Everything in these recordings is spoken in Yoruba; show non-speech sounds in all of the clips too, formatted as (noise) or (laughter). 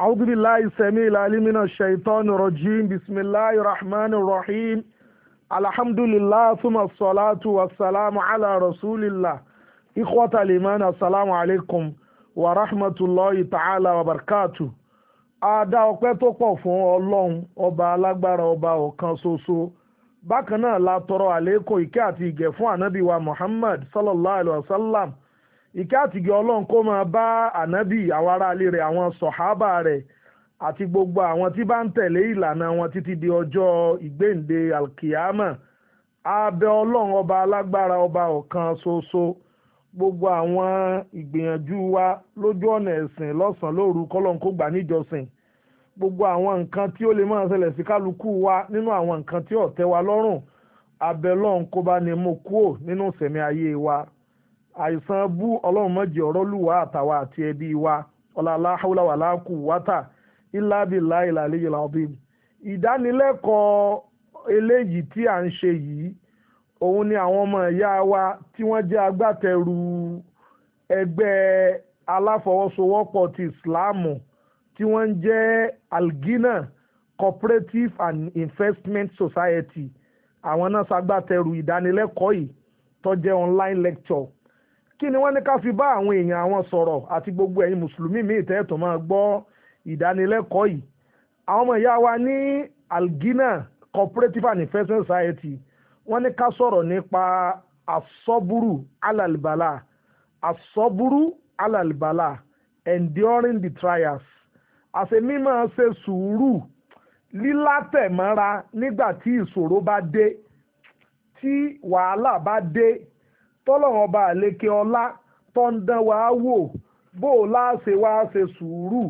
أعوذ بالله السميع العليم من الشيطان الرجيم بسم الله الرحمن الرحيم الحمد لله ثم الصلاة والسلام على رسول الله إخوة الإيمان السلام عليكم ورحمة الله تعالى وبركاته ada ọpẹ́ tó pọ̀ fún Ọlọ́run ọba alágbára ọba ọ̀kan ṣoṣo bákan náà la tọrọ àlékún ìkẹ́ àti ìgẹ̀ fún ànábì Muhammad sallallahu alayhi wa sallam ìkẹ́ àtìgẹ́ ọlọ́run kó máa bá ànábì àwọn aráalé rẹ̀ àwọn sọ̀hábà rẹ̀ àti gbogbo àwọn tí bá ń tẹ̀lé ìlànà wọn títí di ọjọ́ ìgbéǹde alkiyama abẹ́ ọlọ́run ọba alágbára ọba ọ̀kan ṣoṣo gbogbo àwọn ìgbìyànjú wa lójú ọ̀nà ẹ̀sìn lọ́sàn-án lóru kọ́lọ́n kó gbà níjọsìn gbogbo àwọn nǹkan tí ó lè máa ṣẹlẹ̀ sí kálukú wa nínú àwọn nǹkan tí ó wa lọ́rùn abẹ́ ọlọ́run kó bá ní mú kúò nínú ìṣẹ̀mí ayé wa àìsàn bú ọlọ́run mọ́jì ọ̀rọ̀ lùwà àtàwà àti ẹbí wa ọ̀làlá haúláwà láàkú wátà ìlàbìlà ìlàlẹ́ yìí làbìm ìdánilẹ́kọ̀ọ́ eléyìí tí à ń ṣe yìí òun ni àwọn ọmọ ìyá wa tí wọ́n jẹ́ agbátẹrù ẹgbẹ́ aláfọwọ́sowọ́pọ̀ ti ìsìláàmù tí wọ́n ń jẹ́ algina cooperative and investment society àwọn náà ṣagbátẹrù ìdánilẹ́kọ̀ọ́ yìí tó jẹ́ online lecture kí ni wọ́n ní ká fi bá àwọn èèyàn àwọn sọ̀rọ̀ àti gbogbo ẹ̀yin mùsùlùmí míì tẹ́ẹ̀tọ̀ máa gbọ́ ìdánilẹ́kọ̀ọ́ yìí àwọn ọmọ ìyá wa ní algina cooperative and investment society wọ́n ní ká sọ̀rọ̀ nípa asọ́búrú alàlìbàlà asọ́búrú alàlìbàlà enduring the trials àṣemí máa ṣe sùúrù lílátẹ̀mọ́ra nígbà tí ìṣòro bá dé tí wàhálà bá dé tọ́lọ́run ọba àlékè ọlá tó ń dán wa wò bó o láṣẹ wá ṣe sùúrù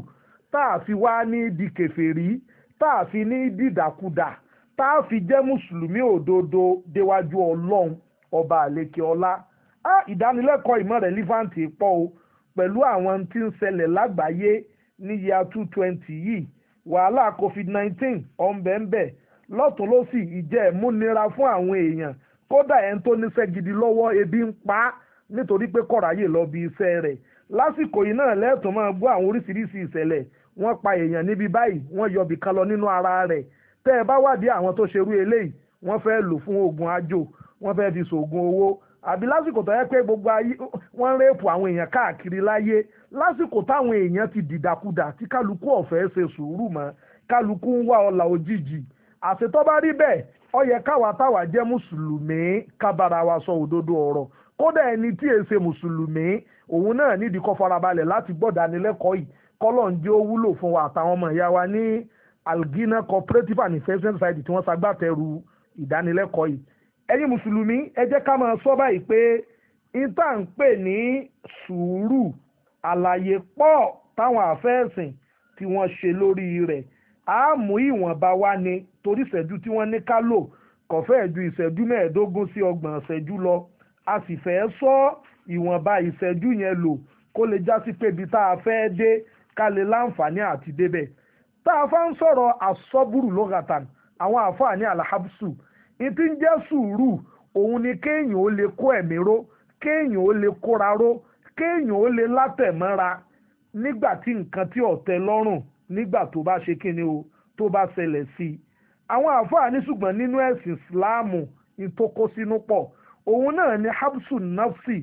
tá a fi wá ní di kèfèrí tá a fi ní dìdàkudà tá a fi jẹ́ mùsùlùmí òdodo déwájú ọlọ́run ọba àlékè ọlá á ìdánilẹ́kọ̀ọ́ ìmọ̀ relevant pọ̀ o pẹ̀lú àwọn tí ń ṣẹlẹ̀ lágbàáyé ní yíya two twenty yìí wàhálà covid nineteen ọ̀nbẹ̀ǹbẹ̀ lọ́tún lọ́sì ìjẹ́ múnira fún àwọn èèyàn kódà ẹni tó níṣẹ́ gidi lọ́wọ́ ebi ń pa á nítorí pé kọ̀ráyè lọ bí iṣẹ́ rẹ̀ lásìkò yìí náà lẹ́ẹ̀tún máa gbọ́ àwọn oríṣiríṣi ìṣẹ̀lẹ̀ wọ́n pa èèyàn níbi báyìí wọ́n yọ bìkan lọ nínú ara rẹ̀ tẹ́ ẹ bá wádìí àwọn tó ṣerú eléyìí wọ́n fẹ́ lò fún oògùn àjò wọ́n fẹ́ fi ṣoògùn owó àbí lásìkò tó yẹ pé gbogbo ayé wọ́n ń rẹ́pù àwọn èèyàn káàkiri láyé lásìkò táwọn èèyàn ti dìdàkudà tí kálukú ọ̀fẹ́ ṣe sùúrù mọ́ kálukú ń wá ọlà òjijì àṣetọ́ bá rí bẹ́ẹ̀ ó yẹ káwa táwa jẹ́ mùsùlùmí ká bára wa sọ òdodo ọ̀rọ̀ kódà ẹni tí è ṣe mùsùlùmí òun náà nídìí kó farabalẹ̀ láti gbọ́dánilẹ́kọ̀ọ́ yìí kọ́lọ́ǹjẹ́ ó wúlò fún wa àtàwọn ọmọ ìyá wa ní algina cooperative and investment society tí wọ́n ṣagbátẹrù ìdánilẹ́kọ̀ọ́ yìí ẹ̀yin mùsùlùmí ẹ jẹ́ ká máa sọ báyìí pé ìta ń pè ní sùúrù àlàyé pọ̀ táwọn àfẹ́ẹ̀sìn tí wọ́n ṣe lórí rẹ̀ a mú ìwọ̀nba wá ni torí ìṣẹ́jú tí wọ́n ní ká lò kò fẹ́ẹ̀ ju ìṣẹ́jú mẹ́ẹ̀ẹ́dógún sí ọgbọ̀n ìṣẹ́jú lọ a sì fẹ́ sọ ìwọ̀nba ìṣẹ́jú yẹn lò kó lè já sí pé ibi tá a fẹ́ dé ká lè láǹfààní àti débẹ̀ tá a fá ń sọ̀rọ̀ àsọ́bùrù lọ́gàtàn àwọn àfààní alhabsu ní ń jẹ́ sùúrù òun ni kéèyàn ó lè kó ẹ̀mí ró kéèyàn ó lè kóra ró kéèyàn ó lè látẹ̀mọ́ra nígbà tí nǹkan tí ọ̀tẹ̀ lọ́rùn nígbà tó bá ṣe kíni o tó bá ṣẹlẹ̀ sí i àwọn àáfàá ní ṣùgbọ́n nínú ẹ̀sìn ìsìláàmù ní tó kó sínú pọ̀ òun náà ni habsu nafsi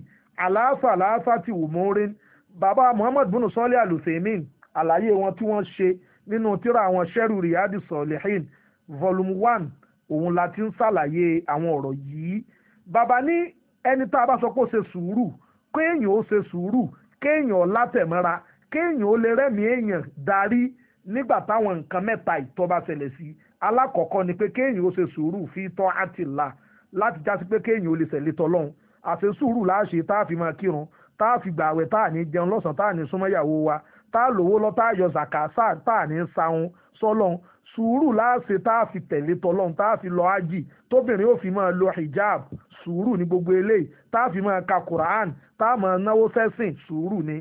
aláàfà aláàfà ti wò mọ́rin bàbá muhammad bunu sọ́lé alùsèmín àlàyé wọn tí wọ́n ṣe nínú tírà àwọn sẹ́rù riyadi sọ̀lẹ́hìn volume one òun la ti ń ṣàlàyé àwọn ọ̀rọ̀ yìí bàbá ní ẹni tá a bá sọ pé ó ṣe sùúrù kéèyàn ó ṣe sùúrù kéèyàn látẹ̀mọ́ra kéèyàn ó lè rẹ́mìí èèyàn darí nígbà táwọn nǹkan mẹ́ta tó bá ṣẹlẹ̀ sí alákọ̀ọ́kọ́ ni pé kéèyàn ó ṣe sùúrù fi tọ́ la láti jásí pé kéèyàn ó lè ṣẹlẹ̀ tọ́lọ́hún àṣẹ sùúrù láàṣẹ tá a fi máa kírun tá a fi gbà àwẹ̀ tá a ní jẹun lọ́sàn-án tá a wa tá lọ tá zàkà tá a ní sùúrù láàṣẹ tá tẹ̀lé tọ́lọ́hún tá lọ ájì tóbìnrin ó fi máa lo hijab sùúrù ní gbogbo eléyìí tá a fi máa ka Quran tá máa náwó sẹ́sìn sùúrù ni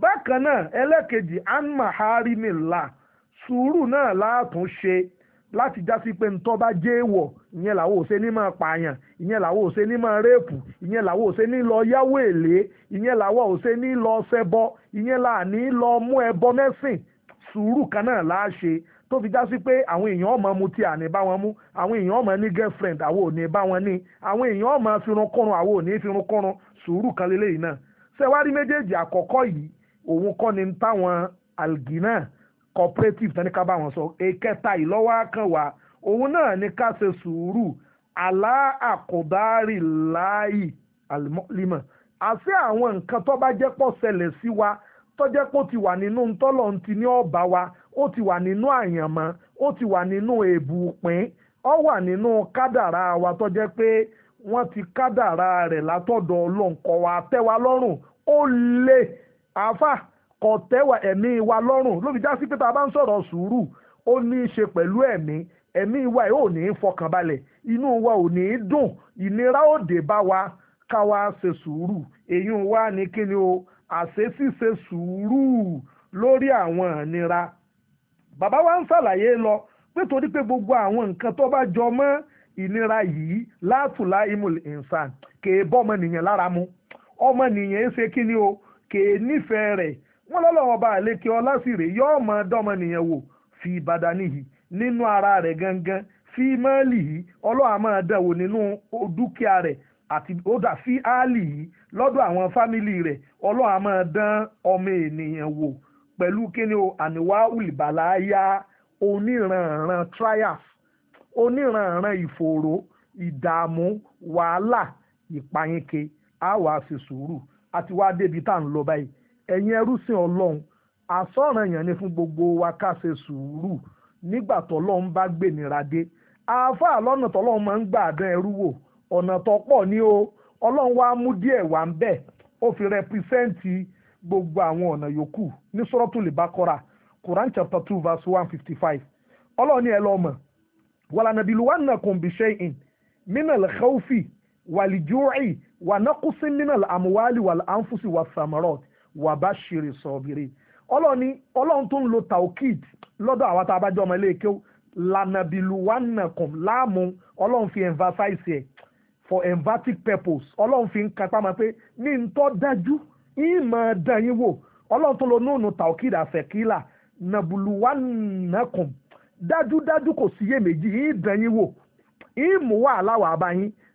bákan náà ẹlẹ́kejì anma harimila sùúrù náà látún ṣe láti jásí pé ń tọ́ bá jẹ́ èèwọ̀ ìyẹn làwọn ò ṣe ní máa pààyàn ìyẹn làwọn ò ṣe ní máa rẹ́ẹ̀pù ìyẹn làwọn ò ṣe ní lọ yáwó èlé ìyẹn làwọn ní lọ fi pé àwọn èèyàn ọmọ mu tí àní bá wọn mú àwọn èèyàn ọmọ ní girlfriend àwọn ò ní bá wọn ní àwọn èèyàn ọmọ àwọn ò ní sùúrù kan náà òun kọ́ ni táwọn algina cooperative tán ní ká bá wọn sọ èkẹta ìlọ́wọ́ kan wà òun náà ní ká ṣe sùúrù àlá àkùdárì láàyè àlùmọ́límọ̀ àti àwọn nǹkan tó bá jẹ́ pọ̀ ṣẹlẹ̀ sí wa tó jẹ́ pé ó ti wà nínú ntọ́lọ̀ ti ní ọ̀bà wa ó ti wà nínú àyànmọ́ ó ti wà nínú èbùpín ó wà nínú kádàrá wa tó jẹ́ pé wọ́n ti kádàrá rẹ̀ látọ̀dọ̀ ọlọ́nkọ wa tẹ́ lọ́rùn ó lé àáfà kò tẹ́wà ẹ̀mí wa lọ́rùn ló fi já sí pé tá a bá ń sọ̀rọ̀ sùúrù ó ní í ṣe pẹ̀lú ẹ̀mí ẹ̀mí wa ò ní í fọkànbalẹ̀ inú wa ò ní í dùn ìnira ó dé bá wa ká wa ṣe sùúrù èyí wa ní kíni o àṣẹ ṣíṣe sùúrù lórí àwọn ìnira bàbá wa ń ṣàlàyé lọ nítorí pé gbogbo àwọn nǹkan tó bá jọ mọ́ ìnira yìí látùlá imul insan kèé bọ́ ọmọnìyàn lára mu ọmọnìyàn ń ṣe kíni o kèé nífẹ̀ẹ́ rẹ̀ wọ́n lọ́lọ́wọ́ bá àlékè ọlá sì rè yóò mọ wò fi ìbàdàn nìyí nínú ara rẹ̀ gangan fi mọ́ọ̀lì yìí ọlọ́wà máa dẹ̀wò nínú dúkìá rẹ̀ àti ó dà fi áàlì yìí lọ́dọ̀ àwọn fámìlì rẹ̀ ọlọ́wà máa dán ọmọ ènìyàn wò pẹ̀lú kíni o àníwá ìbàláyà oníranran trials oníranran ìfòòró ìdààmú wàhálà ìpayínkè á wàá ṣe sùúrù àti wá débi tá à ń lọ báyìí ẹ̀yin ẹrúsìn ọlọ́run àsọ̀ranyàn ni fún gbogbo wa ká ṣe sùúrù nígbà tọ́lọ́run bá gbènira dé àáfàá lọ́nà tọ́lọ́run máa ń gbà dán ẹrú wò ọ̀nà tó pọ̀ ní o ọlọ́run wá mú díẹ̀ wá ń bẹ̀ ó fi rẹpísẹ́ǹtì gbogbo àwọn ọ̀nà yòókù ní suratul Baqara Quran chapter two verse one fifty five ọlọ́run ni ẹ lọ́ọ́ mọ̀ wàlànàbìlúwà náà kò ń bí ṣe in mínà lè wàlìjúrì wà nákúsí mínà àmúwálì wà ánfúsì wà samarot wà bá ṣeré sọ̀bìrì ọlọ́ni tó ń lo taokit lọ́dọ̀ àwọn tá a bá jẹ́ ọmọ ilé kéw fi emphasize for emphatic purpose ọlọ́run fi ń kápá máa pé ní n tó dájú dán yín wò tó lo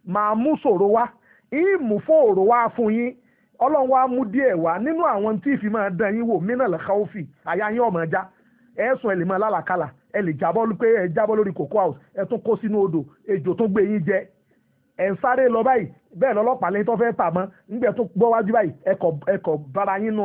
ma mú sòrò wá ìmú fòrò wá fún yín ọlọ́run wá mú díẹ̀ wá nínú àwọn tí ìfi máa dán yín wò mínà àyà yín ọmọ ẹja ẹ̀sùn ẹ̀lẹ́mọ̀ lálàkàlà ẹ lè jábọ́ pé ẹ jábọ́ lórí cocoa house ẹ tún kó sínú odò ejò tó gbé yín jẹ ẹ ń sáré lọ báyìí bẹ́ẹ̀ lọ́lọ́pàá lẹ́yìn tó fẹ́ tà mọ́ tó gbọ́ wájú báyìí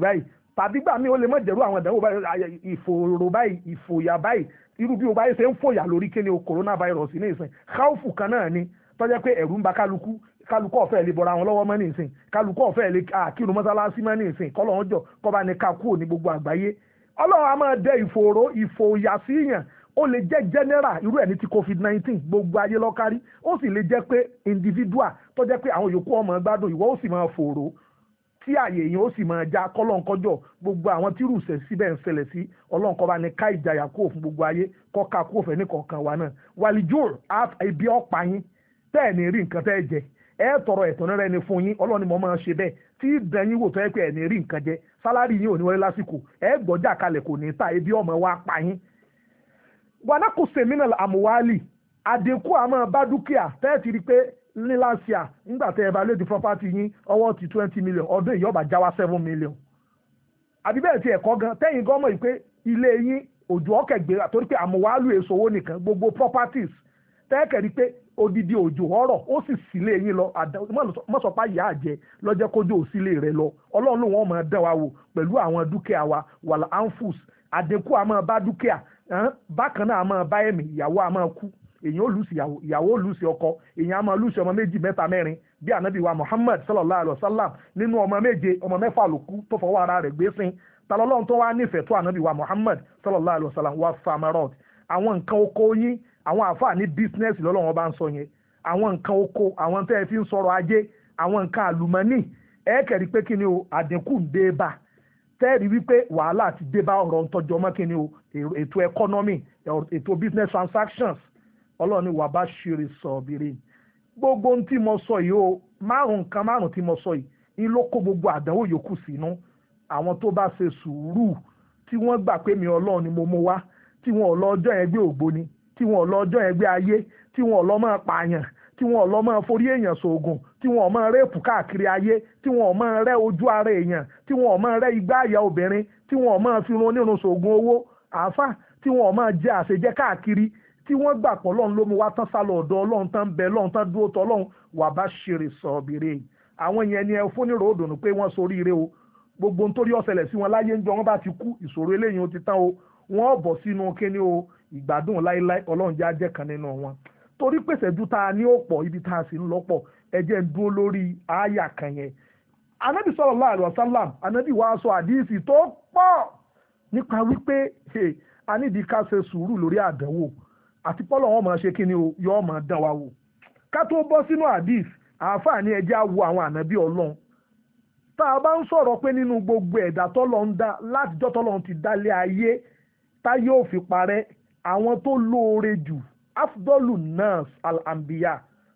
báyìí tàbí gbà mí ó lè mọ̀ jẹ̀rú àwọn ìdánwò báyìí ìfòrò báyìí ìfòyà báyìí irú bí o báyìí ṣe ń fòyà lórí kíni o coronavirus ní ìsìn káwùfù kan náà ni tó jẹ́ pé ẹ̀rù ń ba kálukú kálukú ọ̀fẹ́ lè bọ̀ra àwọn lọ́wọ́ mọ́ ní ìsìn kálukú ọ̀fẹ́ lè kírun mọ́sálásí mọ́ ní ìsìn kọ́lọ́hún jọ kọ́ bá ní ká kúrò ní gbogbo àgbáyé ọlọ́run a máa dẹ ìfòòró ìfòyà sí yàn ó lè jẹ́ general irú ẹ̀ ní ti covid nineteen gbogbo ayé lọ́kárí ó sì lè jẹ́ pé individual tó jẹ́ pé àwọn yòókù ọmọ gbádùn ìwọ ó sì máa fòòró tí àyè yìí ó sì máa já kọ́lọ́nkọ́jọ́ gbogbo àwọn tí rùsẹ̀ síbẹ̀ ń ṣẹlẹ̀ sí ọlọ́nkọ́ba ni ká ìjàyà kúrò fún gbogbo ayé kọ́ka kúrò fẹ́ nìkọ̀ọ̀kan wa náà wàlíjúr ibi ọ̀pá yín tẹ́ ẹ̀ ní rí nǹkan tẹ́ ẹ jẹ ẹ tọrọ ẹ̀tọ́ rẹ ni fún yín ọlọ́ni mo máa ṣe bẹ́ẹ̀ tí dẹ̀yìn wò tọ́ ẹ pé ẹ̀ ní rí nǹkan jẹ sálárì yín ò ní wọlé lásìkò ẹ gbọ́jà kalẹ̀ kò ní ta ebi ọmọ wa pa yín. wàlákùsẹ̀ mínà àmúwálì àdínkù àmọ́ bá dúkìá tẹ́ẹ̀ ti rí pé ní last year propati tẹ́ ẹ bá lédi property yín ọwọ́ ti twenty million ọdún yìí ọba já seven million àbí bẹ́ẹ̀ ti ẹ̀kọ́ gan tẹ́yìn gan mọ̀ pé ilé yín òjò pé àmúwálù èso owó gbogbo properties pé odidi òjò ọ̀rọ̀ ó sì sílé yín lọ èyàn ó lùsì ìyàwó ìyàwó ó lùsì ọkọ èyàn á máa lùsì ọmọ méjì mẹ́ta mẹ́rin bí ànábì wa Muhammad sallallahu alayhi wa sallam nínú ọmọ méje ọmọ mẹ́fà ló kú tó fọwọ́ ara rẹ̀ gbé sin talọ́lọ́run tó wá nífẹ̀ẹ́ tó ànábì wa Muhammad sallallahu alayhi wa sallam wa samarot àwọn nǹkan oko yín àwọn àfáà ní bísínẹ́sì lọ́lọ́run ọba ń sọ yẹn àwọn nǹkan oko àwọn tẹ́ ẹ fi ń sọ̀rọ̀ ajé àwọn nǹkan àlùmọ́nì ẹ̀ẹ́kẹ̀rí pé kí ni o àdínkù ń dé bá tẹ́ẹ̀rí wípé wàhálà ti dé bá ọ̀rọ̀ ń tọ́jú ọmọ kí ni o ètò economy ètò business transactions ọlọ́run ni wàá bá ṣeré sọ obìnrin gbogbo ohun tí mo sọ yìí o márùn nǹkan márùn tí mo sọ yìí ni ló kó gbogbo àdánwò yòókù sínú àwọn tó bá ṣe sùúrù tí wọ́n gbà pé mi ọlọ́run ni mo mú wá tí wọn ò lọ ọjọ́ yẹn gbé ògbóni tí wọn ò lọ ọjọ́ yẹn gbé ayé tí wọn ò lọ máa pààyàn tí wọn ò lọ máa forí èèyàn sóògùn tí wọn ò máa káàkiri ayé tí wọn ò máa ojú ara èèyàn tí wọn ò máa igbá àyà obìnrin tí wọn ò fi run onírun sóògùn owó àáfà tí wọn ò jẹ àṣejẹ káàkiri tí wọ́n gbà pọ̀ lọ́n ló mu wá tán sálọ ọ̀dọ̀ ọlọ́run tán bẹ lọ́run tán dúró tọ́ lọ́run wà bá ṣeré sọ̀bìrè àwọn yẹn ni ẹ ní ròó dùnú pé wọ́n sorí ire o gbogbo nítorí ọ̀sẹ̀lẹ̀ sí wọn láyé ń jọ wọ́n bá ti kú ìṣòro eléyìí ó ti tán o wọ́n bọ̀ sínú kíní o ìgbádùn láéláé ọlọ́run jẹ́ ajẹ́ kan nínú wọn torí pèsè ju ta ní òpọ̀ ibi tá a sì ń lọ́pọ̀ ẹ jẹ́ ń dúró lórí àáyà kan yẹn anabi sallallahu alaihi wasallam anabi wa sọ àdíìsì tó pọ̀ nípa wípé a ká ṣe sùúrù lórí àdánwò àti pọ́lọ̀ wọn máa ṣe kí ni o yóò máa dán wa wò ká tó bọ́ sínú hadith àǹfààní ẹjẹ́ á wo àwọn ànábì ọlọ́run tá a bá ń sọ̀rọ̀ pé nínú gbogbo ẹ̀dá tọ́lọ́ ń dá látijọ́ tọ́lọ́ ti dálé ayé tá yóò fi parẹ́ àwọn tó lóore jù afdọ́lù nas al-ambiya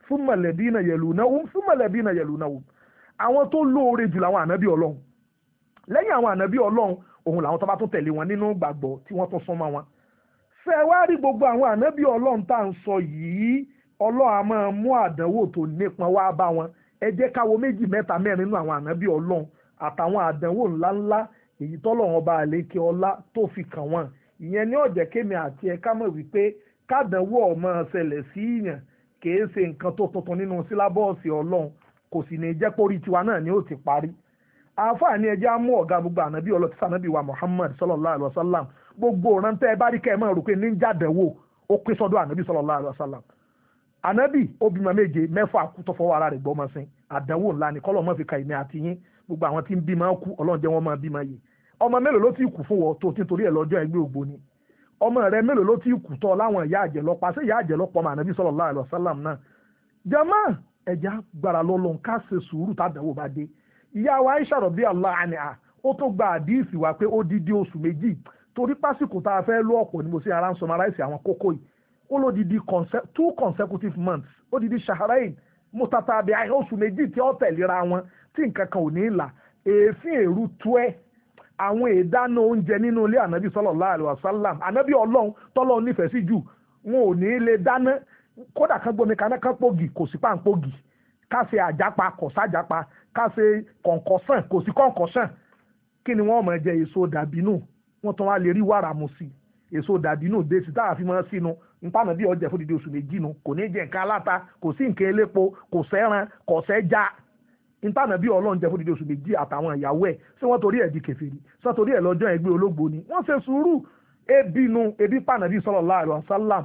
fún mọ̀lẹ́bí náà yẹ̀lú náà fún mọ̀lẹ́bí náà yẹ̀lú náà àwọn tó lóore jù làwọn ànábì ọlọ́run lẹ́yìn àwọn ànábì ọlọ́run òun làwọn tó bá tún tẹ̀lé wọn nínú gbàgbọ́ tí wọ́n tún súnmọ́ wọn ṣe wá rí gbogbo àwọn ànábì ọlọ́run tá à ń sọ yìí ọlọ́run a máa mú àdánwò tó nípọn wá bá wọn ẹ jẹ́ meji méjì mẹ́ta mẹ́rin nínú àwọn ànábì ọlọ́run àtàwọn àdánwò ńláńlá èyí tọ́lọ́run ọba àlékè ọlá tó fi kàn wọ́n ìyẹn ní ọ̀jẹ̀ kémi ọmọ ṣẹlẹ̀ sí kìí ṣe nǹkan tó tuntun nínú sílábọ̀ọ̀sì ọlọ́run kò sì ni ó ti parí ni ẹjẹ́ á mú gbogbo ànábì ọlọ́tí sànábì wa Muhammad sallallahu gbogbo ìrántẹ́ ẹ bá rí kẹ́ ẹ wo rò pé ó pé sọ́dọ̀ ànábì sallallahu alaihi wasallam ànábì ó bímọ méje mẹ́fà kú tọ́fọ́ ara rẹ̀ gbọ́mọ sí àdánwò ńlá ni kọ́lọ́ mọ́ fi ka ìmẹ́ àti yín gbogbo àwọn tí ń bímọ kú ọlọ́run jẹ́ wọ́n máa bímọ yìí ọmọ mélòó ló ti kù fún wọ tó ti torí ẹ̀ lọ́jọ́ ẹgbẹ́ ògbóni ọmọ rẹ mélòó ló ti kù tọ́ láwọn ìyá àjẹlọpọ̀ àṣẹ ìyá àjẹlọpọ̀ ọmọ ànábì sallallahu alaihi wasallam náà jama ẹja gbàrà lọ́lọ́n ká ṣe sùúrù tàdánwò bá dé ìyá wa Aisha rọ̀bí Allah àní à ó tó gba àdíìsì wá pé ó dídí oṣù méjì torí pásìkò tá a fẹ́ lọ ọ̀pọ̀ ni mo ṣe ara ń summarize àwọn kókó yìí ó ló di di two consecutive months ó di di shahrain mutatabi ayin oṣù méjì tí ó tẹ̀léra wọn tí nǹkan kan ò ní là èéfín èrú tuẹ́ àwọn èédáná oúnjẹ nínú ilé ànábì sallallahu alaihi wasallam ànábì ọlọ́run tọ́lọ́run nífẹ̀ẹ́ sí jù wọn ò ní lè dáná kódà kan gbomi kaná kan pògì kò sí pàǹpògì ká ṣe àjápa kò sájápa ká ṣe kọ̀ǹkọ̀sàn kò sí kọ̀ǹkọ̀sàn kí ni wọ́n mọ̀ jẹ èso dàbínú wọ́n tán wá lè rí wàrà mu sí èso dàbí inú dé sí táwa fi mọ́ sínú nípànà bí ọjà fòdìdí oṣù méjì nu kò ní jẹ nǹkan aláta kò sí nǹkan elépo kò sẹ́ran kò sẹ́já nípànà bí ọlọ́run jẹ fòdìdí oṣù méjì àtàwọn ìyàwó ẹ̀ ṣé wọ́n torí ẹ̀ di ṣé wọ́n torí ẹ̀ lọ́jọ́ ẹgbẹ́ ológbò ni wọ́n ṣe sùúrù ebi nu ebi pànà bí sallallahu alaihi wasallam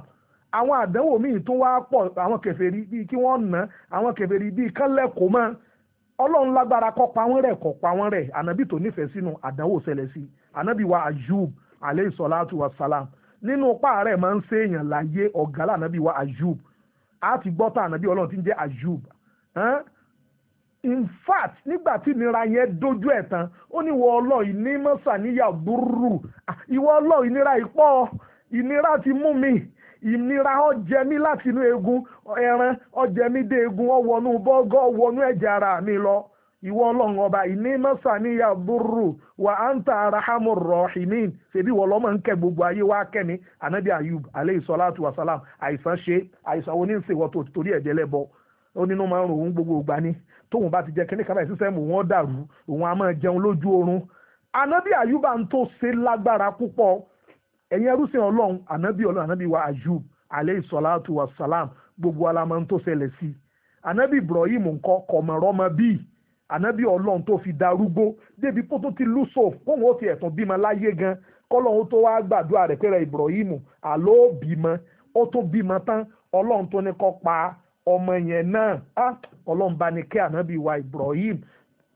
àwọn àdánwò míì tó wá pọ̀ àwọn kèfèrí bíi kí wọ́n nà àwọn kèfèrí bíi kánlẹ̀kọ́ mọ́ ọlọ́run lágbára kọ́ pa wọ́n rẹ̀ kọ́ pa wọ́n rẹ̀ ànábì tó nífẹ̀ẹ́ sínú àdánwò ṣẹlẹ̀ sí i Anabiwa wa ayub aleyhi sọláàtù wa salam nínú páàrẹ̀ máa ń se èèyàn láyé ọ̀gá la Anabiwa ayub a ti gbọ́ tá ànàbì ọlọ́run ti ń jẹ́ ayub in fact nígbà tí ìnira yẹn dojú ẹ̀ tán ó ní wọ ọlọ́ọ̀ ní mọ́sà níyà búrú ìwọ ọlọ́ọ̀ ìnira ìpọ́ ìnira ti mú mi ìnira ọjẹ mi láti inú eegun ẹran ọjẹ mi dé eegun ọwọnú bọ́gọ́ ọwọnú ẹ̀jẹ̀ ara mi lọ ìwọ ọlọ́run ọba ìní mọ́sà níyà dúró wà á ń ta ara hamu rọ̀hìnì ṣèbí ìwọ ọlọ́mọ ń kẹ́ gbogbo ayé wá kẹ́mi anabi ayub aleyhi salatu wa salam àìsàn ṣe àìsàn wo ní ń ṣèwọ torí ẹ̀jẹ̀ lẹ́bọ ó nínú máa ń rò òun gbogbo ìgbà ni tóun bá ti jẹ kíní kábàáyé sísẹ́mù wọn dàrú òun á máa jẹun lójú oorun anabi ayub à ń tó ṣe lágbára púpọ̀ ẹ̀yin ẹrúsìn ọlọ́run ọlọ́run anabi wa ayub aleyhi salatu wa salam gbogbo alamọ́ ń tó ṣẹlẹ̀ sí anabi ibrahim ànábì ọlọ́run tó fi darúgbó débi kó tó ti lùsọ̀ fóun ó ti ẹ̀tàn bímọ láyé gan kọ́lọ́run tó wá gbàdúrà rẹ̀ pẹ́rẹ́ Ibrahim àló bímọ ó tó bímọ tán ọlọ́run tó ní kọ́ pa ọmọ yẹn náà á ọlọ́run bá ní kẹ́ ànábì wa Ibrahim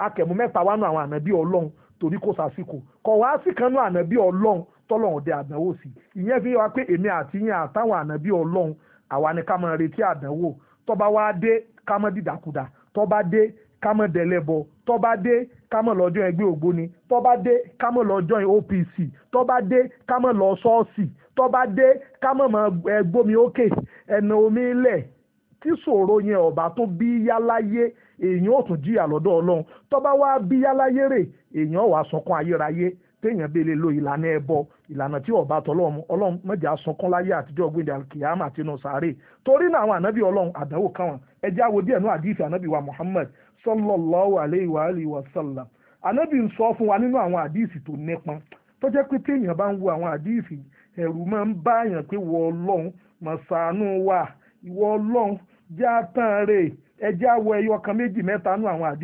akẹ̀mú mẹ́ta wánú àwọn ànábì ọlọ́run torí kò sásìkò kọ̀ wá sí kanú ànábì ọlọ́run tọ́lọ́run dé àdánwò sí ìyẹn fi wá pé èmi àti yín àtàwọn ànábì ọlọ́run àwa ni ká máa retí àdánwò tó bá wá dé ká má dìdàkudà tó dé kámọ̀ dẹ̀lẹ́bọ̀ tó bá dé kámọ̀ lọ́jọ́ ẹgbẹ́ ògbóni tó bá dé kámọ̀ lọ́jọ́ OPC tó bá dé kámọ̀ lọ ṣọ́ọ̀ṣì tó bá dé kámọ̀ mọ ẹgbómi òkè ẹ̀nà omi ilẹ̀ tí ṣòro yẹn ọ̀bá tó bí yáláyé èèyàn ò tún jìyà lọ́dọ̀ ọlọ́run tó bá wá bí yáláyé rè èèyàn wàá sọkún ayérayé téèyàn bèlè lo ìlànà ẹbọ ìlànà tí ọba tọlọ́mù ọlọ́run mẹ́jẹ̀ asunkún láyé àtijọ́ gbẹ̀dẹ̀ alkiyama àti inú sàárè torí náà àwọn ànábì ọlọ́run àdánwò káwọn ẹjẹ́ wa Muhammad sallallahu alayhi wa alihi wa sallam ànábì ń sọ fún wa nínú àwọn tó tó bá ń wo àwọn bá yàn pé wọ ìwọ àtàn ẹyọ kan méjì àwọn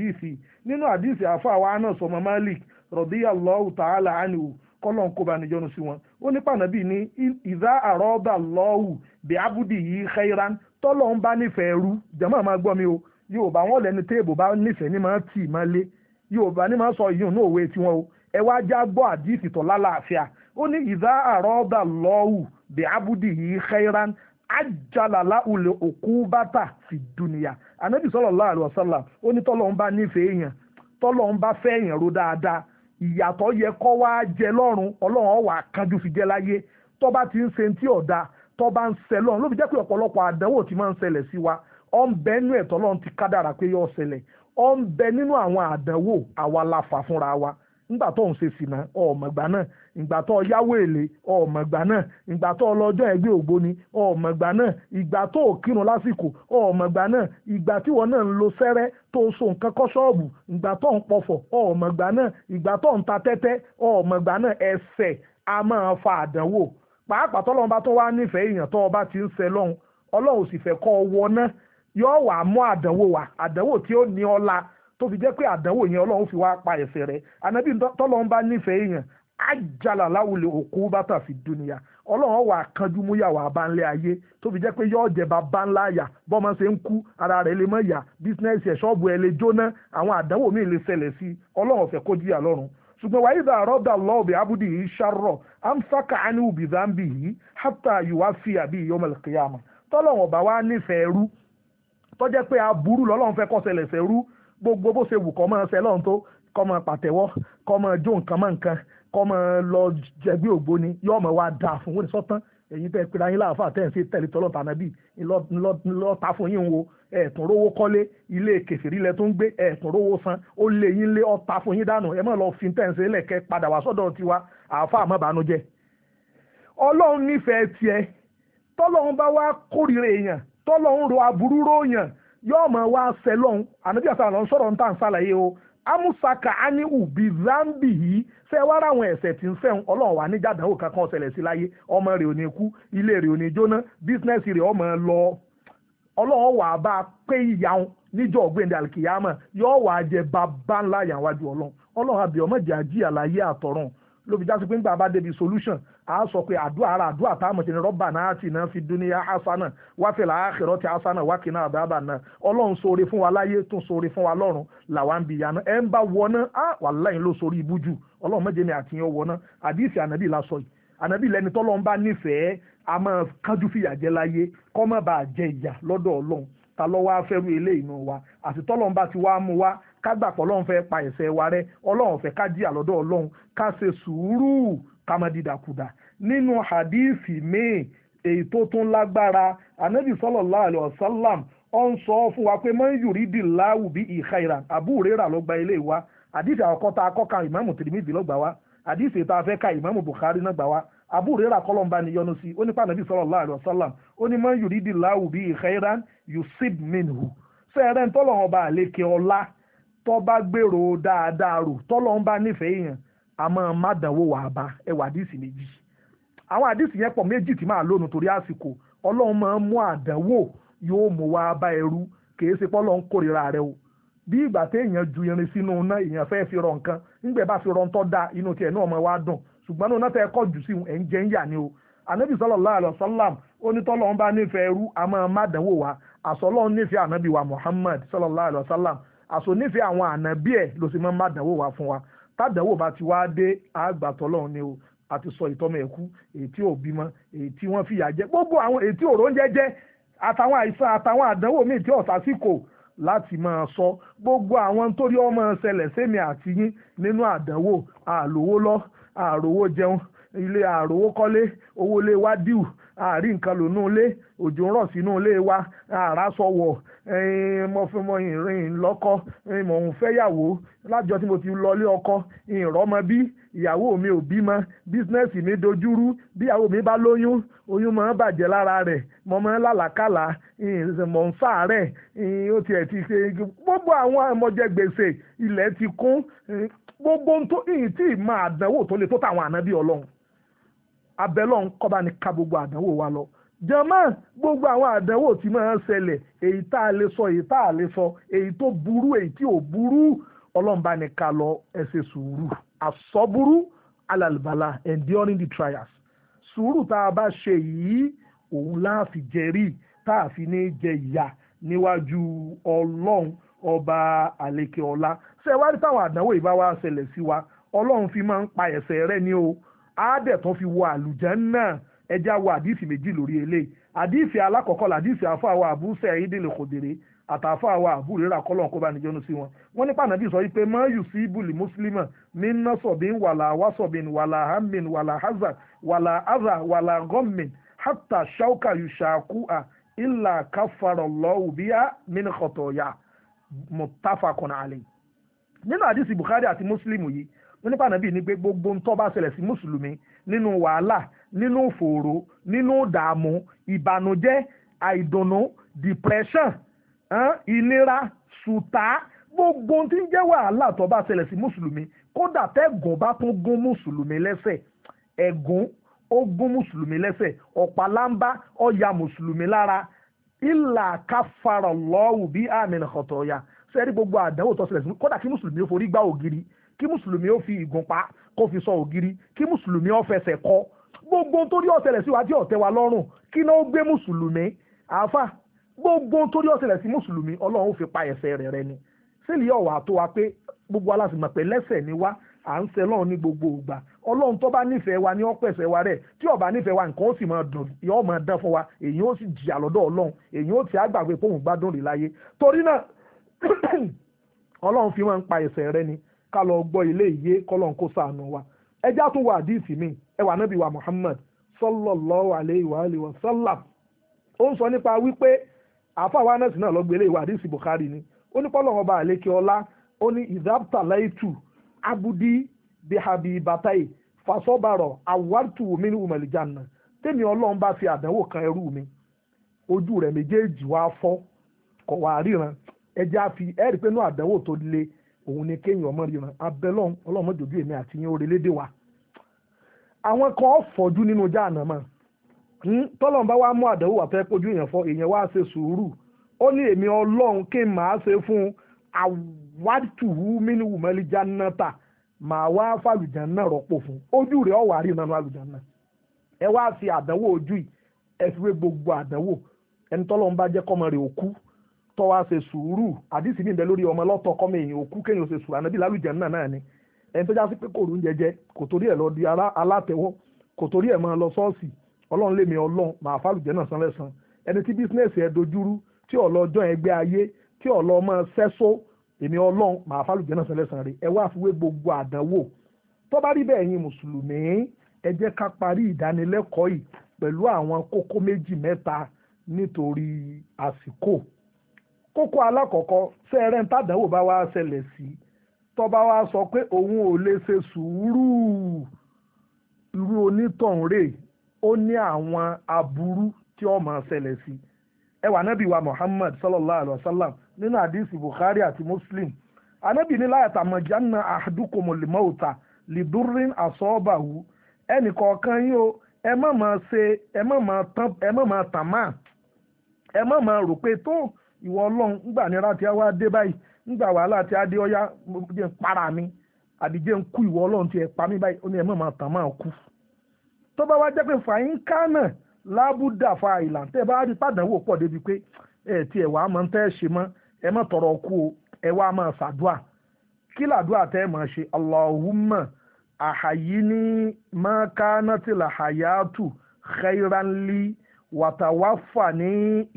nínú àfọ kọ́lọ́n kó bá níjọ́nu sí wọn ó ní pànàbí ní ìdá àrọ́dà lọ́wù bí abudi yìí khairan tọ́lọ̀ ń bá nífẹ̀ẹ́ rú jẹ́mọ́ máa gbọ́ mi o yorùbá wọn lẹ́nu téèbù bá nífẹ̀ẹ́ ní máa tì máa lé yorùbá ní máa sọ ìyún náà òwe tiwọn o ẹ wá já gbọ́ àdìsí tọ́ lálàáfíà ó ní ìdá àrọ́dà lọ́wù bí abudi yìí khairan ajalala ule òkú bàtà fi dùnìyà ànábì sallallahu alaihi wasallam ó ní tọ́lọ́ bá nífẹ̀ẹ́ èèyàn tọ́lọ́ bá fẹ́ èèyàn ró dáadáa ìyàtọ̀ yẹ kọ́ wá jẹ lọ́run ọlọ́run ọ̀wà kanjú fi jẹ láyé tó bá ti ń ṣe tí ọ̀dà tó bá ń ṣe lọ́run ló fi jẹ́ pé ọ̀pọ̀lọpọ̀ àdánwò ti máa ń ṣẹlẹ̀ sí wa ó ń bẹ nínú ẹ̀tọ́ lọ́run ti kádàrà pé yóò ṣẹlẹ̀ ó ń bẹ nínú àwọn àdánwò àwa la fà fúnra wa ńgbà tó ń ṣe sìnà ọ̀mọ̀gbà náà ìgbà tó yáwó èlé ọ̀mọ̀gbà náà ìgbà tó ọlọ́jọ́ ẹgbẹ́ ògbóni ọ̀mọ̀gbà náà ìgbà tó kírun lásìkò ọ̀mọ̀gbà náà ìgbà tí wọn náà ń lo sẹ́rẹ́ tó so nǹkan kọ́ ṣọ́ọ̀bù ìgbà tó ń pọ̀fọ̀ ọ̀mọ̀gbà náà ìgbà tó ń ta tẹ́tẹ́ ọ̀mọ̀gbà náà ẹsẹ̀ a máa fa àdánwò pàápàá tọ́lọ́run tó wá nífẹ̀ẹ́ tó fi jẹ́ pé àdánwò yẹn ọlọ́run fi wá pa ẹ̀ṣẹ̀ rẹ̀ ànábì tọ́lọ́run bá nífẹ̀ẹ́ èèyàn àjàlá láwùlẹ̀ òkú bàtà fi dúnìyà ọlọ́run wà kánjú mú yàwó àbánlé ayé tó fi jẹ́ pé yóò jẹba bánlá yà bọ́mọ ṣe ń kú ara rẹ̀ lè mọ̀ yà bísínẹ́sì ẹ̀ ṣọ́ọ̀bù ẹ̀ lè jóná àwọn àdánwò míì lè ṣẹlẹ̀ sí ọlọ́run ọ̀fẹ́ kó jìyà lọ́run ṣùgbọ́n wàá ìdá àrọ́dà lọ́ọ̀bì abúdí yìí ṣàrọ̀ amsaka aniwu bizambi yìí hátà yìwá fi àbí yọmọlẹ̀kẹ́yàmọ̀ tọ́lọ́run ọ̀bà wa nífẹ̀ẹ́ rú tọ́jẹ́ pé aburú lọ́lọ́run fẹ́ kó ṣẹlẹ̀ sẹ́rú gbogbo bó ṣe wù kọ́ máa ṣe lọ́run tó kọ́ máa pàtẹ́wọ́ kọ́ máa jó nǹkan mọ́ nǹkan kọ́ máa lọ jẹgbẹ́ ògbóni yóò máa wá dáa fún wọn ní sọ́tán èyí tẹ́ pera yín láàfáà tẹ́ ń ṣe tẹ̀lé tọ́lọ́ tànàbí ńlọ́ta fún yín wo ẹ̀ẹ̀tún rówó kọ́lé ilé kẹfìrí lẹ tó ń gbé ẹ̀ẹ̀tún rówó san ó lé yín lé ọ̀ta fún yín dànù ẹ má lọ fi tẹ́ ń ṣe lẹ̀kẹ́ padà wá sọ́dọ̀ tiwa àáfáà má bànújẹ́. ọlọ́run nífẹ̀ẹ́ tiẹ̀ tọ́lọ́run bá wá kórìíra èèyàn tọ́lọ́run ro aburú róòyàn yóò mọ̀ wá sẹ́lọ̀n ànábì àtàwọn ọ̀nà sọ̀rọ̀ níta ṣàlàyé o amusaka anihu bizambi yìí ṣe wá ráwọn ẹ̀ṣẹ̀ tí ń fẹ́hun ọlọ́run wà ní jàdánwò kankan ọ̀sẹ̀lẹ̀ sí láyé ọmọ rẹ̀ ò kú ilé rẹ̀ jóná bísínẹ́sì ọmọ lọ wà bá pé ìyàwó wà jẹ bàbá ńlá yàwájú ọlọ́run ọlọ́run àbí ọmọ ló fi já sí pé nígbà bá débi solution a sọ pé àdúrà ara àdúrà tá a mọ̀ sí ni rọ́bà náà ti náà fi dúníyà hasana wáfẹ̀lá àkẹrọ ti hasana wákìnà àbábà náà ọlọ́run sóore fún wa láyé tún sóore fún wa lọ́run làwa ń bi ìyànà ẹ̀ ń bá wọná á wàláhì ló sórí ibú jù ọlọ́run mẹ́jẹ ni àtìyàn wọná àdìsí ànábì la sọ yìí ànábì lẹni tọ́lọ́run bá nífẹ̀ẹ́ a máa kájú fìyà jẹ láyé kọ́ má ìyà lọ́dọ̀ ọlọ́run ta lọ́wọ́ afẹ́rú eléyìí nù wa àti tọ́lọ́run bá ti wá mú wa ká gbà pé ọlọ́run fẹ́ pa ẹ̀ṣẹ̀ wa rẹ́ ọlọ́run fẹ́ ká jìyà lọ́dọ̀ ọlọ́run ká ṣe sùúrù ká má dìdàkudà nínú hadíìsì míì èyí tó tún lágbára anabi sallallahu alaihi wasallam ọ ń sọ fún wa pé man yuridi Allahu bihi khairan Abu Huraira lọ́gba ilé wa hadíìsì àkọ́kọ́ tá a kọ́ ka ìmáàmù Tirmidhi lọ́gba wa hadíìsì tá a fẹ́ ka ìmáàmù Bukhari náà gbà wa Abu Huraira kọlọmba ni yọnu sí ó nípa anabi sallallahu alaihi wasallam ó ní man yuridi Allahu bihi khairan yusib minhu fẹ́ẹ́rẹ́ ń tọ́lọ̀ ọba àlekè ọlá tó bá gbèrò dáadáa rò tọ́lọ́ ń bá nífẹ̀ẹ́ èèyàn àmọ́ má dánwò wà á bá ẹwà àdìsí méjì àwọn àdìsí yẹn pọ̀ méjì tí máa lónìí torí àsìkò ọlọ́run máa ń mú àdánwò yóò mú bá ẹrú kìí ṣe pọ́ lọ́n rẹ o bí ìgbà ju irin sínú iná èèyàn fẹ́ fi rọ nǹkan nígbà bá fi rọ da inú tiẹ̀ náà mọ̀ wá dùn ṣùgbọ́n náà tẹ́ kọ́ jù sí ẹ̀ ń jẹ́ ń yà àṣọ nífẹ̀ẹ́ àwọn ànábì ẹ̀ ló sì máa ń má dánwò wá fún wa tádánwò bá ti wá dé àgbàtọ́ lọ́run ni o àti sọ ìtọ́mọ ẹ̀kú èyí tí ò bímọ èyí tí wọ́n fìyà jẹ gbogbo àwọn èyí tí òró ń jẹ́jẹ́ àtàwọn àìsàn àtàwọn àdánwò míì tí ọ̀sà sì kò láti máa sọ gbogbo àwọn torí ọmọ ṣẹlẹ̀ sẹ́mi àti yín nínú àdánwò àlówó lọ àròwó jẹun ilé àròwó kọ́lé owó lé wá díù àárí nǹkan lò nínú ilé òjò ń rọ̀ sínú ilé wa àrásọ wọ̀ mo fi mọ ìrìn lọ́kọ mo ń fẹ́yàwó lájọ tí mo ti lọlé ọkọ ìrọ́mọ bí ìyàwó mi ò bímọ bísínẹ́sì mi dojúrú bí ìyàwó mi bá lóyún oyún máa ń bàjẹ́ lára rẹ̀ mo máa ń làlàkàlà mo ń ṣàárẹ̀ ó tiẹ̀ ti ṣe gbogbo àwọn ọmọdé gbèsè ilẹ̀ ti kún gbogbo ohun tó ìyìn tí ìmọ̀ àdánwò tó le tó táwọn ànábì ọlọ́run abẹ́lọ́run kọ́ba ni ká gbogbo àdánwò wa lọ jàmáà gbogbo àwọn àdánwò tí máa ń ṣẹlẹ̀ èyí tá a lè sọ èyí tá a lè sọ èyí tó burú èyí tí ò burú ọlọ́mba ni ká lọ ẹ ṣe sùúrù àsọ̀búrú alàlùbàlà enduring the trials sùúrù tá a bá ṣe yìí òun láàfin jẹ́rí tá a fi ní jẹ ìyà níwájú ọlọ́run ọba àlekè ọlá ṣe táwọn àdánwò ìbá wa ṣẹlẹ̀ sí wa ọlọ́run fi máa ń pa ẹ̀ṣẹ̀ rẹ ni o àádẹ́tọ́ fi wọ àlùjànnà ẹjẹ́ àwọ̀ àdìsí méjì lórí eléyìí àdìsí alákọ̀ọ́kọ́ làdìsí àfọ̀ àwọ̀ àbúṣe ìdílé kòdèrè àtàfà àwọn àbúrò rà kọ́lọ́n kó bá ní jọ́nu sí wọn wọ́n nípa ànábì sọ wípé mọ́yù sí ibùlì mùsùlùmọ̀ ní nọ́sọ̀bìn wàlà wàsọ̀bìn wàlà hamin wàlà hazard wàlà azà wàlà gọ́mìn hátà ṣáùkà yùṣàkú à ìlà káfàrọ̀ lọ́wọ́ bíyà mínìkọ̀tọ̀ yà mùtàfà kọ̀nà àlè. nínú àdìsí Bukhari àti mùsùlùmù yìí wọ́n nípa ànábì ní pé gbogbo ń tó bá ṣẹlẹ̀ sí mùsùlùmí nínú wàhálà nínú ìfòòró nínú ìdààmú ìbànújẹ́ àìdùnnú depression ìnira ṣùtá gbogbo tí ń jẹ́ wàhálà tó bá ṣẹlẹ̀ sí mùsùlùmí kódà tẹ́gùn bá tún gún mùsùlùmí lẹ́sẹ̀ ẹ̀gún ó gún mùsùlùmí lẹ́sẹ̀ ọ̀pálámbá ó ya mùsùlùmí lára ìlà káfàrọ̀ lọ́wù bí àmì ìkọ̀tọ̀ ọ̀yà sẹ́rí gbogbo àdánwò tó ṣẹlẹ̀ sí kódà kí mùsùlùmí ó forí gbá ògiri kí mùsùlùmí ó fi ìgúnpá kó fi sọ ògiri kí mùsùlùmí ó fẹsẹ̀ kọ́ gbogbo torí ọ̀sẹ̀lẹ̀ sí wa tí ọ̀tẹ̀ wa lọ́rùn kí náà ó gbé mùsùlùmí àáfà gbogbo torí ọ̀sẹ̀lẹ̀ sí mùsùlùmí ọlọ́run ó fi pa ẹ̀ṣẹ̀ rẹ̀ rẹ ni sílẹ̀ ọ̀wà tó wa pé gbogbo aláṣẹmọ̀ pé lẹ́ṣẹ̀ ni wá à ń ṣe lọ́run ní gbogbo ìgbà ọlọ́run tó bá nífẹ̀ẹ́ wa ni ó pẹ̀ṣẹ̀ wa rẹ̀ tí ó nífẹ̀ẹ́ wa nǹkan ó sì máa dùn yóò máa dán fún wa èyí ó sì jìyà lọ́dọ̀ ọlọ́run èyí ó ti àgbàgbé pòun gbádùn rè láyé torí náà (clears throat) ọlọ́run fi máa ń pa ẹ̀ṣẹ̀ rẹ ni ká lọ gbọ́ ilé ìyé kọ́lọ́n kó ṣàánú wa ẹjá tún wà díìsì míì ẹwà anábì Muhammad sallallahu alayhi wa alayhi wa sallam ó ń sọ nípa wípé àfàwọn anẹ́sì Bukhari ni ó ní pọ́lọ́ ọba àlékè ọlá ó ní abudi bihabi bá fi àdánwò kan ẹrú mi ojú méjèèjì wá wá ríran fi ẹ̀rí pé inú àdánwò le òun ni kéèyàn ọmọ ríran èmi àti yín ó relédè wa àwọn kan fọ́jú nínú jáànàmọ́ hmm? tọ́lọ́n bá wá mú àdánwò wà fẹ́ kojú èèyàn fọ èèyàn wá ṣe sùúrù ó ní èmi ọlọ́run kí n máa ṣe fún àwádìtùwú mínú wùmẹ́líjà náà ta màá wá fàlùjàn náà rọ́pò fún ojú rẹ̀ ọ̀wà rí nínú àlùjàn náà ẹ wá fi àdánwò ojú yìí ẹ fi gbogbo àdánwò ẹni tọ́lọ́run bá jẹ́ kọ́mọ rẹ̀ òkú suru ṣe sùúrù àdìsí lórí ọmọ kọ́mọ èèyàn òkú kéèyàn ṣe sùúrù ẹni tó já sí pé kò rún jẹjẹ kò torí ẹ̀ lọ di alátẹ̀wọ́ kò torí ẹ̀ máa lọ ṣọ́ọ̀ṣì ọlọ́run lèmi ọlọ́run màá fàlùjẹ́ náà san lẹ́san ẹni tí bísínẹ́sì ẹ̀ dojúrú tí ọ̀lọ́ ọjọ́ ẹ̀ gbé ayé tí ọ̀lọ́ ọmọ sẹ́só èmi ọlọ́run màá fàlùjẹ́ náà san lẹ́san rẹ̀ ẹ wá àfiwé gbogbo àdánwò tó bá rí bẹ́ẹ̀ yín mùsùlùmí ẹ jẹ́ ká parí ìdánilẹ́kọ̀ọ́ yìí pẹ̀lú àwọn kókó méjì mẹ́ta nítorí àsìkò kókó alákọ̀ọ́kọ́ sẹ́ẹ̀rẹ́ bá wá ṣẹlẹ̀ sí tọba wa sọ pé òun ò lè ṣe sùúrù irú onítọ̀hún rè ó ní àwọn aburú tí ó máa ṣẹlẹ̀ sí wa Muhammad sallallahu alayhi wa sallam nínú àdìsí buhari àti Muslim anábì ní láyàtà mọ̀jánná àdúkòmọ̀lìmọ́ọ̀ta lìdúrín àsọ́ọ̀bàwù ẹnì kọ̀ọ̀kan yín ẹ má máa ṣe ẹ má máa tán ẹ má máa tàn máa ẹ má máa rò pé tó ìwọ ńgbà wàhálà tí adé ọyá jẹ́ ń para mi àbí jẹ́ ń kú ìwọ ọlọ́run tí ẹ pa mí báyìí ó ní ẹ mọ̀ máa tàn máa kú. tó bá wá jẹ́ pé fàyín kánà lábúdà fa ìlànà tẹ́ ẹ bá rí pàdánwò pọ̀ débi pé ẹ ti ẹ̀ wá mọ̀ ń tẹ́ ẹ ṣe mọ́ ẹ mọ̀ tọrọ kú o ẹ wá máa ṣàdúà kí làdúà tẹ́ ẹ máa ṣe Allahumma àhàyíní máa kánà tìlà hayatu khairan li wàtàwáfà ní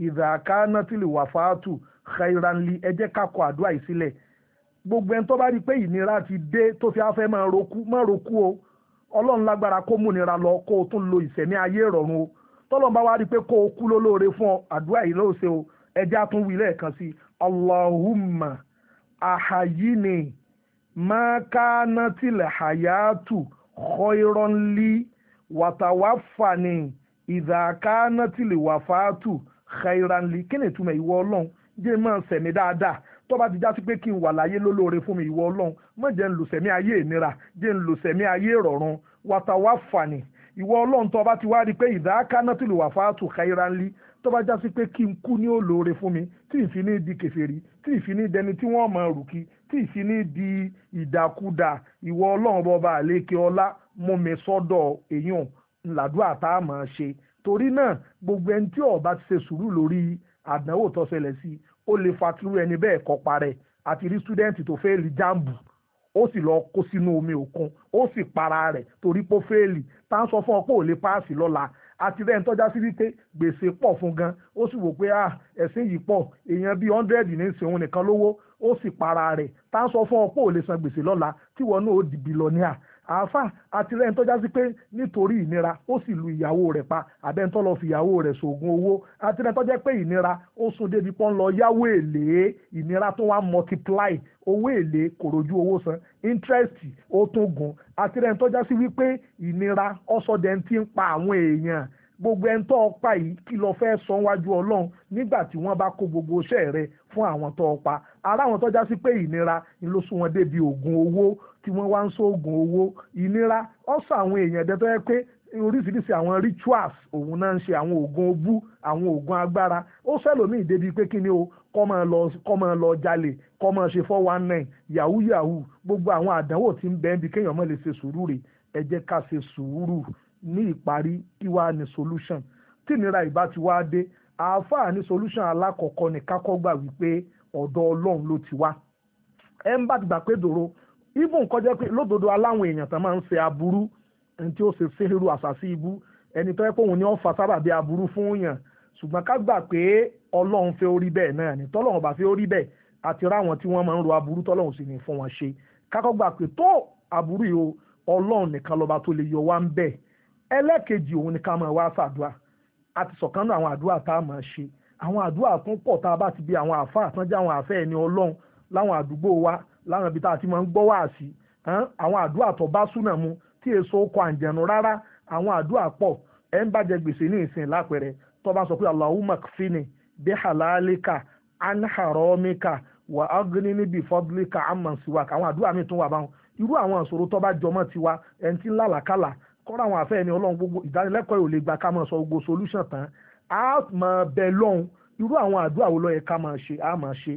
ìdàkánà tìlì wàfàtù khairanli ẹ jẹ́ ká kọ àdúrà yìí sílẹ̀ gbogbo ẹni tó bá rí i pé ìnira ti dé tó fi afẹ́ máa roku máa roku o ọlọ́run lágbára kó múnira lọ kó o tún lo ìsẹ̀mí ayé ìrọ̀rùn o tọ́lọ́run bá wá rí i pé kó o kú lólóore fún ọ àdúrà yìí lóòṣe o ẹ àtún wí lẹ́ẹ̀kan sí allahumma ahayini makanatil hayatu khairanli watawafani idha wafatu khairanli kí ni ìtumọ̀ ìwọ ọlọ́run jẹ́ máa sẹ̀mí dáadáa tó bá ti já sí pé kí n wà láyé lólóore fún mi ìwọ ọlọ́run má jẹ́ ń lò sẹ̀mí ayé ìnira jẹ́ ń lò sẹ̀mí ayé ìrọ̀rùn wàtàwá fàní ìwọ ọlọ́run tó bá ti wá rí i pé ìdá kánátìlù wà fáàtù káyíráńlí tó bá já pé kí n kú ní olóore fún mi tí ìfi ní di kèfèrí tí ìfi ní dẹni tí wọ́n mọ̀ rù kí tí ìfi ní di ìdàkudà ìwọ ọlọ́run bọba àlékè ọlá mú mi sọ́dọ̀ èèyàn ńlàdúrà tá a máa ṣe torí náà gbogbo ẹni tí ó ti ṣe sùúrù lórí àdánwò tó ṣẹlẹ̀ sí i ó lè fa kí irú ẹni bẹ́ẹ̀ kọ́ parẹ́ àti rí stúdẹ́ǹtì tó fẹ́ẹ́ rí jáàmbù ó sì lọ kó sínú omi òkun ó sì para rẹ̀ torí pé ó fẹ́ẹ̀lì tá à ń sọ fún ọ pé ò lè páàsì lọ́la àti rẹ̀ ń tọ́já sí wípé gbèsè pọ̀ fún gan ó sì wò pé ah ẹ̀sìn yìí pọ̀ èèyàn bíi hundred ní í sèun nìkan lówó ó sì para rẹ̀ tá à ń sọ fún ọ pé ò lè san gbèsè lọ́la tíwọ náà ó di billionaire àáfà àti rẹ́ni tó jásí pé nítorí ìnira ó sì lu ìyàwó rẹ̀ pa àbẹ́ni tó lọ fi ìyàwó rẹ̀ sògùn owó àti rẹ́ni tó jẹ́ pé ìnira ó sún débi pọ́n lọ yáwó èlé ìnira tó wá multiply owó èlé kò rojú owó san interest ó tún gùn àti rẹ́ni tó jásí wípé ìnira ọ̀sọ̀dẹ̀ ti ń pa àwọn èèyàn gbogbo ẹni tó ọpa yìí kí lọ fẹ́ san wájú ọlọ́run nígbà tí wọ́n bá kó gbogbo iṣẹ́ rẹ fún àwọn tó ọpa ara àwọn tó já sí pé ìnira ni ló sún wọn débi òògùn owó tí wọ́n wá ń sóògùn owó ìnira ọ̀sọ̀ àwọn èèyàn ẹ̀dẹ́ tó yẹ pé oríṣiríṣi àwọn rituals òun náà ń ṣe àwọn oògùn obú àwọn oògùn agbára ó sẹ́lòmíì débi pé kí ni o kọ́ máa lọ kọ́ máa lọ jalè kọ́ máa ṣe four one nine yahoo yahoo gbogbo àwọn àdánwò tí ń bẹ́ẹ̀ bí kéèyàn má lè ṣe sùúrù rè ẹ jẹ́ ká ṣe sùúrù ní ìparí kí wàá ní solution tí ìnira ìbá ti wá dé àáfàá ní solution alákọ̀ọ́kọ́ ni kákọ́ gbà wípé ọ̀dọ̀ ọlọ́run ló ti wá ẹ ń bá ti gbà pé dòro ibu kọjá pé lódodo aláwọn èèyàn tán máa ń ṣe aburú ẹni tí ó ṣe ṣéhìrú àṣàṣì ibú ẹni tó yẹ pé òun ni ó fa sábàbí aburú fún yàn ṣùgbọ́n ká gbà pé ọlọ́run fẹ́ orí bẹ́ẹ̀ náà ni tọ́lọ́run bá fẹ́ orí bẹ́ẹ̀ àti ráwọn tí wọ́n máa ń ro aburú tọ́lọ́run sì ní fún wọn ṣe kákọ́ gbà pé tó aburú yìí o ọlọ́run nìkan lọ́ba tó lè yọ wá ń bẹ̀ ẹlẹ́ẹ̀kejì òun ni ká máa wá sàdúà àti sọ̀kan náà àwọn àdúà tá a máa ṣe àwọn àdúà tún pọ̀ tá a bá ti bí àwọn àfa àtúnjẹ́ àwọn àfẹ́ ẹni ọlọ́run láwọn àdúgbò wa láwọn ibi tá a ti máa ń gbọ́ wá sí àwọn àdúrà tó bá súnà mu tí èso kọ àǹjẹ̀nu rárá àwọn àdúrà pọ̀ ẹ̀ ń bàjẹ́ gbèsè ní ìsìn lápẹ̀rẹ̀ tó bá sọ pé Allahumma kfini bi halalika an haramika wà á gbéni níbi fadlika amman siwaka àwọn àdúrà mi tún wà báwọn irú àwọn ìṣòro tó bá jọmọ́ tiwa ẹni tí ń làlàkàlà kọ́ra àwọn àfẹ́ ẹni ọlọ́run gbogbo ìdánilẹ́kọ̀ọ́ yóò lè gba ká máa sọ gbogbo solution tán á máa bẹ lọ́hùn irú àwọn àdúrà wo ló yẹ ká máa ṣe á máa ṣe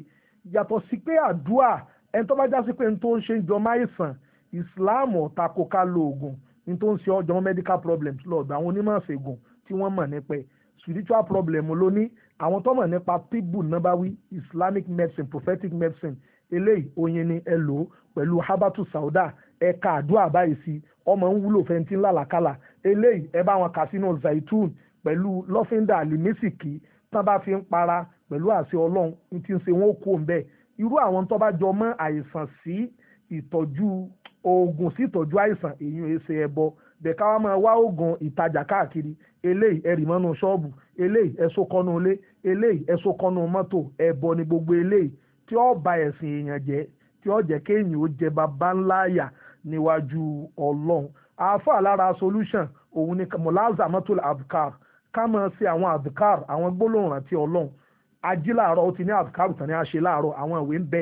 yàtọ̀ sí pé àdúrà ẹni tó bá já sí pé ní tó ń ṣe ń jọ máìsàn ìsìláàmù ọ̀tako ká lo oògùn ní tó ń ṣe ọjọ́ medical problems lọ́ọ̀dọ̀ àwọn onímọ̀ ṣègùn tí wọ́n mọ̀ nípa spiritual problem ló ní àwọn tó mọ̀ nípa tíbù nábàwí islamic medicine prophetic medicine eléyìí oyin ni ẹ lò ó pẹ̀lú habatu sauda ẹ̀ka àdúrà báyìí sí ọmọ ń wúlò fẹ́ntì làlàkàlà eléyìí ẹ bá wọn kà sínú zaitun pẹ̀lú lọ́fíńdà àlìmísìkì tán bá fi ń para pẹ̀lú àṣẹ ọlọ́run tí ń ṣe wọn kó ń bẹ́ẹ̀ irú àwọn tó bá jọ mọ́ àìsàn sí ìtọ́jú oògùn sí ìtọ́jú àìsàn èyí ò ṣe ẹbọ bẹ́ẹ̀ ká wá máa wá oògùn ìtajà káàkiri eléyìí ẹ̀rì mọ́nú ṣọ́ọ̀bù eléyìí ẹ̀sọ́ kọ́nú ilé eléyìí ẹ̀sọ́ kọ́nú mọ́tò ẹbọ ni gbogbo eléyìí tí ó ba ẹ̀sìn èèyàn jẹ́ tí ó jẹ́ kéèyàn ó jẹ bàbá ńlá àyà níwájú ọlọ́run àáfàá lára solution òun ni mọ̀láza mọ́tò abukar ká máa ṣe àwọn abukar àwọn gbólóhùn rántí ọlọ́run ají láàárọ̀ ó ti ní àbùkárù tán ní àṣe láàárọ̀ àwọn ìwé ń bẹ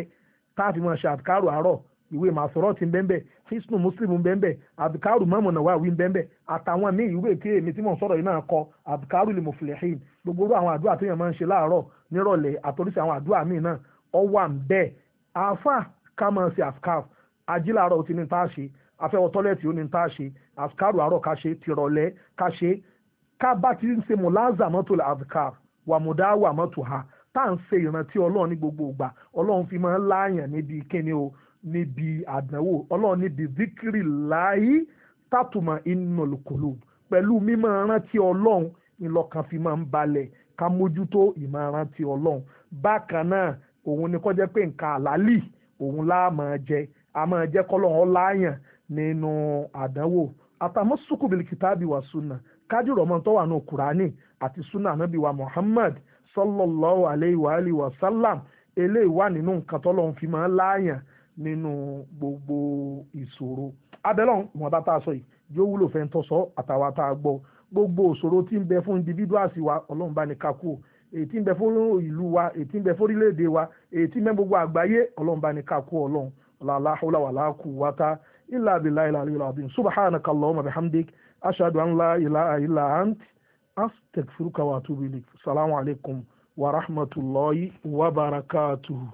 tá a fi máa ṣe àbùkárù àárọ̀ ìwé màsọ̀rọ̀ ti ń bẹ́ẹ̀ bẹ́ẹ̀ hisnu muslim ń bẹ́ẹ̀ bẹ́ẹ̀ àbùkárù mọ́mọ́ náà wà wí ń bẹ́ẹ̀ bẹ́ẹ̀ àtàwọn míì ìwé tí èmi tí mò ń sọ̀rọ̀ yìí náà kọ àbùkárù lil muflihin gbogbo orú àwọn àdúrà téèyàn máa ń ṣe láàárọ̀ nírọ̀lẹ́ àtọ́rísí àwọn àdúrà míì náà ọ wà ń bẹ́ẹ̀ àáfà ká máa ṣe àbùkárù ají láàárọ̀ ti ní tá ṣe afẹ́wọ́ tọ́lẹ́ẹ̀tì ó ní tá ṣe àbùkárù àárọ̀ ká ṣe tìrọ̀lẹ́ ká ṣe ká bá ti ń ṣe mùláàzà mọ́tò àbùkárù wà mọ́tò ha tá à se ṣe ìrántí ọlọ́run ní gbogbo ìgbà ọlọ́run fi máa ń láàyàn níbi kíni o níbi àdánwò ọlọ́run níbi zikiri láàyè tàtùmọ̀ innal qulub pẹ̀lú mímọ́ rántí ọlọ́run ńlọkàn fi máa ń balẹ̀ ká mójútó ìmọ̀ ọlọ́run bákan náà òun ni kọ́ jẹ́ pé nǹkan àlálì òun láà máa jẹ a máa jẹ́ kọ́lọ́run láàyàn nínú àdánwò àtàmọ́ sùkùbìlì kìtàbí kájú sallallahu alayhi wa alihi wa sallam eléyìí wà nínú nǹkan tọ́lọ́run fi máa ń láàyàn nínú gbogbo ìṣòro abẹ́lọ́run ìwọ̀nba tá a sọ yìí yóò wúlò fẹ́ ń tọ́sọ́ àtàwa tá a gbọ́ gbogbo òṣòro tí ń bẹ fún individuals wa ọlọ́run bá ní kakú o èyí tí ń bẹ fún ìlú wa èyí tí ń bẹ fún orílẹ̀-èdè wa èyí tí ń bẹ gbogbo àgbáyé ọlọ́run bá ní kakú ọlọ́run la hawla wala quwwata illa billahi al-aliyyil azim subhanakallahumma bihamdik ashhadu an la astaghfiruka wa atubu ilayk salamu alaykum wa rahmatulahi wa barakatuhu.